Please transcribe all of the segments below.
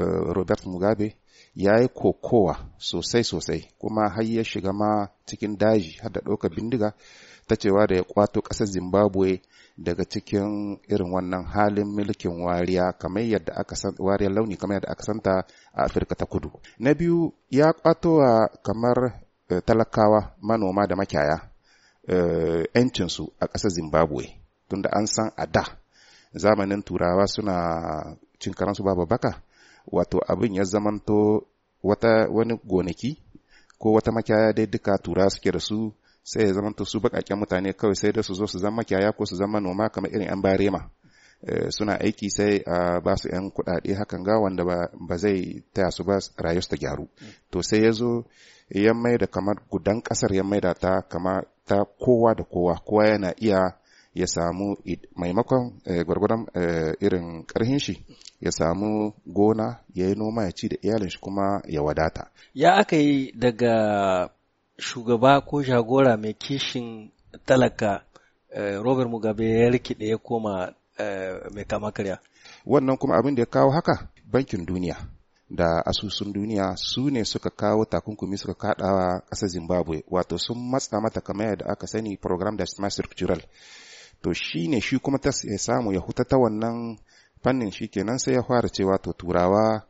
Eh, robert mugabe ya yi kokowa sosai-sosai kuma har ya shiga ma cikin daji har da ɗaukar bindiga ta cewa da ya kwato ƙasar zimbabwe daga cikin irin wannan halin mulkin wariya kamar yadda aka san wariyar launi kamar yadda aka santa a afirka ta kudu na biyu ya kwato wa kamar eh, talakawa manoma da makyaya yancinsu eh, a ƙasar zimbabwe tunda an san a da zamanin turawa suna cin karansu babu baka wato abin ya zamanto wata wani gonaki ko wata makiyaya dai duka tura suke da su sai ya zamanto su bakaken mutane kawai sai da su zo su zama makiyaya ko su zama noma kamar irin yan barema eh, suna aiki sai a ba su yan kuɗaɗe hakan ga wanda ba zai taya su ba rayu ta gyaru to sai ya zo ya mai da kamar gudan kasar ya mai da ta kama ta kowa da kowa kowa yana iya ya samu maimakon eh, gwargwadon eh, irin karhin shi ya samu gona ya yi noma ya ci da iyalin shi kuma ya wadata ya aka yi daga shugaba ko jagora mai kishin talaka eh, robert mugabe ya rikide ya koma mai kama karya wannan kuma abin da ya kawo haka bankin duniya da asusun duniya su ne suka kawo takunkumi suka kaɗawa ƙasar zimbabwe wato sun matsa mata kamar yadda aka sani program da smart structural to shi ne shi kuma ta samu ya huta ta wannan fannin shi kenan sai ya fara cewa to turawa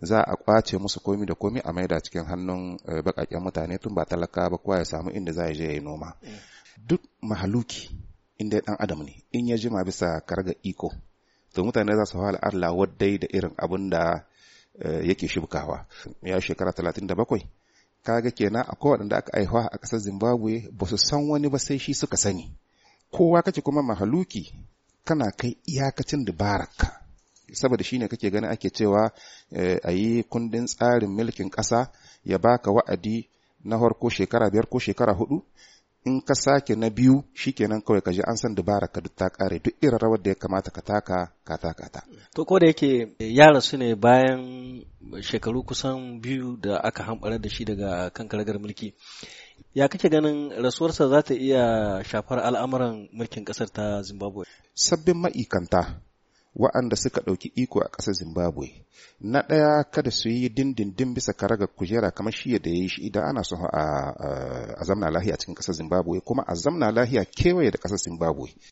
za a kwace musu komi da komi a maida cikin hannun eh, bakaken mutane tun ba talaka ba kowa ya samu inda za ya je ya yi noma eh. duk mahaluki inda dan adam ne in ya jima bisa karga iko to mutane za su fara Allah wadai da irin abin da eh, yake shibkawa ya shekara 37 kaga kenan akwai waɗanda aka aihuwa a ƙasar Zimbabwe ba su san wani ba sai shi suka sani kowa kake kuma mahaluki kana kai iyakacin dabararka saboda shine kake ganin ake cewa eh, a yi kundin tsarin mulkin ƙasa ya baka wa'adi na harko shekara biyar ko shekara hudu in ka sake na biyu shi shikenan kawai ka je an san dabara ka duk ta kare duk irin rawar da ya kamata ka taka ka taka ta to ko da yake eh, yara su ne bayan shekaru kusan biyu da aka hamɓarar da shi daga kan karagar mulki ya kake ganin rasuwarsa za ta iya shafar al'amuran mulkin ƙasar ta zimbabwe sabbin ma'ikanta wa'anda suka ɗauki iko a ƙasar zimbabwe na ɗaya kada su yi dindindin bisa karagar kujera kamar shi da ya yi shi idan ana so a zamna lahiya cikin ƙasar zimbabwe kuma a zamna lahiya kewaye da ƙasar zimbabwe